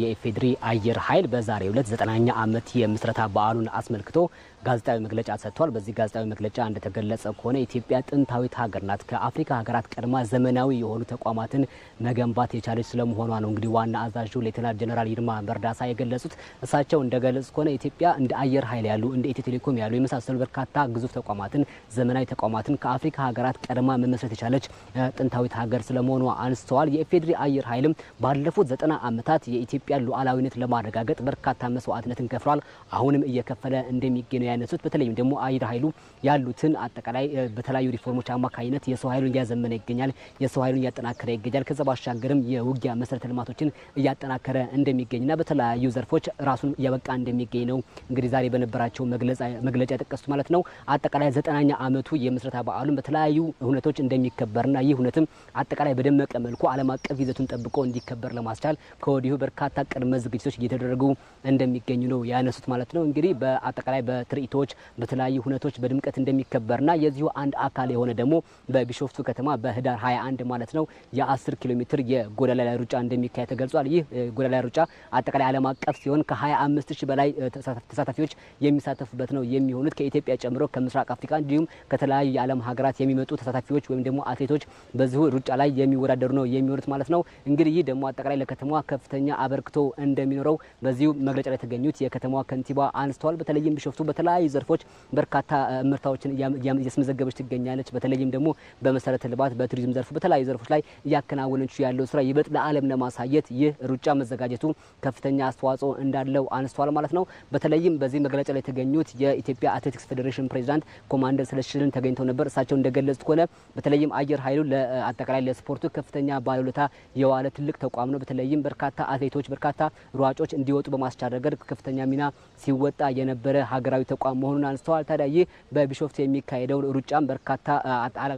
የኢፌዴሪ አየር ኃይል በዛሬው ዕለት ዘጠናኛ ዓመት የምስረታ በዓሉን አስመልክቶ ጋዜጣዊ መግለጫ ሰጥቷል። በዚህ ጋዜጣዊ መግለጫ እንደተገለጸ ከሆነ ኢትዮጵያ ጥንታዊት ሀገር ናት። ከአፍሪካ ሀገራት ቀድማ ዘመናዊ የሆኑ ተቋማትን መገንባት የቻለች ስለመሆኗ ነው እንግዲህ ዋና አዛዡ ሌተናል ጀነራል ይልማ መርዳሳ የገለጹት። እሳቸው እንደገለጹ ከሆነ ኢትዮጵያ እንደ አየር ኃይል ያሉ እንደ ኢትዮ ቴሌኮም ያሉ የመሳሰሉ በርካታ ግዙፍ ተቋማትን ዘመናዊ ተቋማትን ከአፍሪካ ሀገራት ቀድማ መመስረት የቻለች ጥንታዊት ሀገር ስለመሆኗ አንስተዋል። የኢፌዴሪ አየር ኃይልም ባለፉት ዘጠና ዓመታት የኢትዮ የኢትዮጵያን ሉዓላዊነት ለማረጋገጥ በርካታ መስዋዕትነትን ከፍሏል። አሁንም እየከፈለ እንደሚገኝ ያነሱት። በተለይም ደግሞ አየር ኃይሉ ያሉትን አጠቃላይ በተለያዩ ሪፎርሞች አማካኝነት የሰው ኃይሉን እያዘመነ ይገኛል። የሰው ኃይሉን እያጠናከረ ይገኛል። ከዛ ባሻገርም የውጊያ መሰረተ ልማቶችን እያጠናከረ እንደሚገኝና በተለያዩ ዘርፎች ራሱን እያበቃ እንደሚገኝ ነው እንግዲህ ዛሬ በነበራቸው መግለጫ የጠቀሱት ማለት ነው። አጠቃላይ ዘጠናኛ ዓመቱ የምስረታ በዓሉን በተለያዩ ሁነቶች እንደሚከበርና ይህ ሁነትም አጠቃላይ በደመቀ መልኩ ዓለም አቀፍ ይዘቱን ጠብቆ እንዲከበር ለማስቻል ከወዲሁ በርካታ በርካታ ቅድመ ዝግጅቶች እየተደረጉ እንደሚገኙ ነው ያነሱት ማለት ነው። እንግዲህ በአጠቃላይ በትርኢቶች በተለያዩ ሁነቶች በድምቀት እንደሚከበርና የዚሁ አንድ አካል የሆነ ደግሞ በቢሾፍቱ ከተማ በህዳር 21 ማለት ነው የ10 ኪሎ ሜትር የጎዳና ላይ ሩጫ እንደሚካሄድ ተገልጿል። ይህ ጎዳና ላይ ሩጫ አጠቃላይ ዓለም አቀፍ ሲሆን ከ25 ሺህ በላይ ተሳታፊዎች የሚሳተፉበት ነው የሚሆኑት ከኢትዮጵያ ጨምሮ ከምስራቅ አፍሪካ እንዲሁም ከተለያዩ የዓለም ሀገራት የሚመጡ ተሳታፊዎች ወይም ደግሞ አትሌቶች በዚሁ ሩጫ ላይ የሚወዳደሩ ነው የሚሆኑት ማለት ነው። እንግዲህ ይህ ደግሞ አጠቃላይ ለከተማዋ ከፍተኛ አበር አበርክቶ እንደሚኖረው በዚሁ መግለጫ ላይ የተገኙት የከተማዋ ከንቲባ አንስተዋል። በተለይም ቢሾፍቱ በተለያዩ ዘርፎች በርካታ ምርታዎችን እያስመዘገበች ትገኛለች። በተለይም ደግሞ በመሰረተ ልማት፣ በቱሪዝም ዘርፍ በተለያዩ ዘርፎች ላይ እያከናወነች ያለው ስራ ይበልጥ ለዓለም ለማሳየት ይህ ሩጫ መዘጋጀቱ ከፍተኛ አስተዋጽኦ እንዳለው አንስተዋል ማለት ነው። በተለይም በዚህ መግለጫ ላይ የተገኙት የኢትዮጵያ አትሌቲክስ ፌዴሬሽን ፕሬዚዳንት ኮማንደር ስለሽልን ተገኝተው ነበር። እሳቸው እንደገለጹት ከሆነ በተለይም አየር ኃይሉ አጠቃላይ ለስፖርቱ ከፍተኛ ባለውለታ የዋለ ትልቅ ተቋም ነው። በተለይም በርካታ አትሌቶች በርካታ ሯጮች እንዲወጡ በማስቻል ረገድ ከፍተኛ ሚና ሲወጣ የነበረ ሀገራዊ ተቋም መሆኑን አንስተዋል። ታዲያ ይህ በቢሾፍት የሚካሄደው ሩጫም በርካታ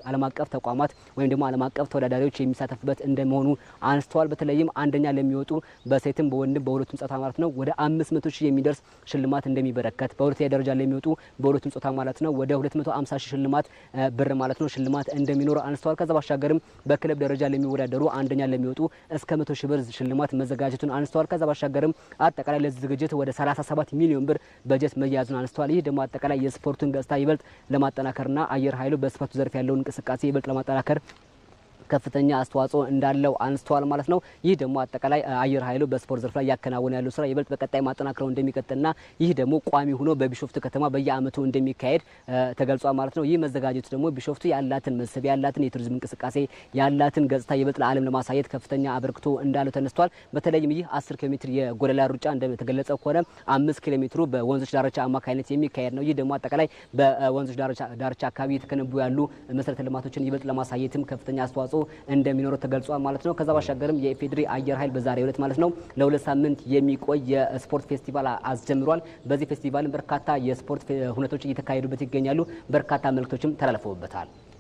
ዓለም አቀፍ ተቋማት ወይም ደግሞ ዓለም አቀፍ ተወዳዳሪዎች የሚሳተፉበት እንደመሆኑ አንስተዋል። በተለይም አንደኛ ለሚወጡ በሴትም በወንድም በሁለቱም ጾታ ማለት ነው ወደ አምስት መቶ ሺህ የሚደርስ ሽልማት እንደሚበረከት በሁለተኛ ደረጃ ለሚወጡ በሁለቱም ጾታ ማለት ነው ወደ ሁለት መቶ ሃምሳ ሺህ ሽልማት ብር ማለት ነው ሽልማት እንደሚኖር አንስተዋል። ከዛ ባሻገርም በክለብ ደረጃ ለሚወዳደሩ አንደኛ ለሚወጡ እስከ መቶ ሺህ ብር ሽልማት መዘጋጀቱን አንስተዋል። ከዛ ባሻገርም አጠቃላይ ለዚህ ዝግጅት ወደ 37 ሚሊዮን ብር በጀት መያዙን አንስተዋል። ይህ ደግሞ አጠቃላይ የስፖርቱን ገጽታ ይበልጥ ለማጠናከርና አየር ኃይሉ በስፖርቱ ዘርፍ ያለውን እንቅስቃሴ ይበልጥ ለማጠናከር ከፍተኛ አስተዋጽኦ እንዳለው አንስተዋል ማለት ነው። ይህ ደግሞ አጠቃላይ አየር ኃይሉ በስፖርት ዘርፍ ላይ እያከናወነ ያለው ስራ ይበልጥ በቀጣይ ማጠናክረው እንደሚቀጥልና ይህ ደግሞ ቋሚ ሆኖ በቢሾፍቱ ከተማ በየአመቱ እንደሚካሄድ ተገልጿል ማለት ነው። ይህ መዘጋጀቱ ደግሞ ቢሾፍቱ ያላትን መስህብ፣ ያላትን የቱሪዝም እንቅስቃሴ፣ ያላትን ገጽታ ይበልጥ ለዓለም ለማሳየት ከፍተኛ አበርክቶ እንዳለው ተነስቷል። በተለይም ይህ 10 ኪሎ ሜትር የጎደላ ሩጫ እንደተገለጸ ከሆነ 5 ኪሎ ሜትሩ በወንዞች ዳርቻ አማካኝነት የሚካሄድ ነው። ይህ ደግሞ አጠቃላይ በወንዞች ዳርቻ አካባቢ የተከነቡ ያሉ መሰረተ ልማቶችን ይበልጥ ለማሳየትም ከፍተኛ አስተዋጽኦ እንደሚኖር ተገልጿል ማለት ነው። ከዛ ባሻገርም የኢፌድሪ አየር ኃይል በዛሬው ዕለት ማለት ነው ለሁለት ሳምንት የሚቆይ የስፖርት ፌስቲቫል አስጀምሯል። በዚህ ፌስቲቫልም በርካታ የስፖርት ሁነቶች እየተካሄዱበት ይገኛሉ። በርካታ መልእክቶችም ተላልፈውበታል።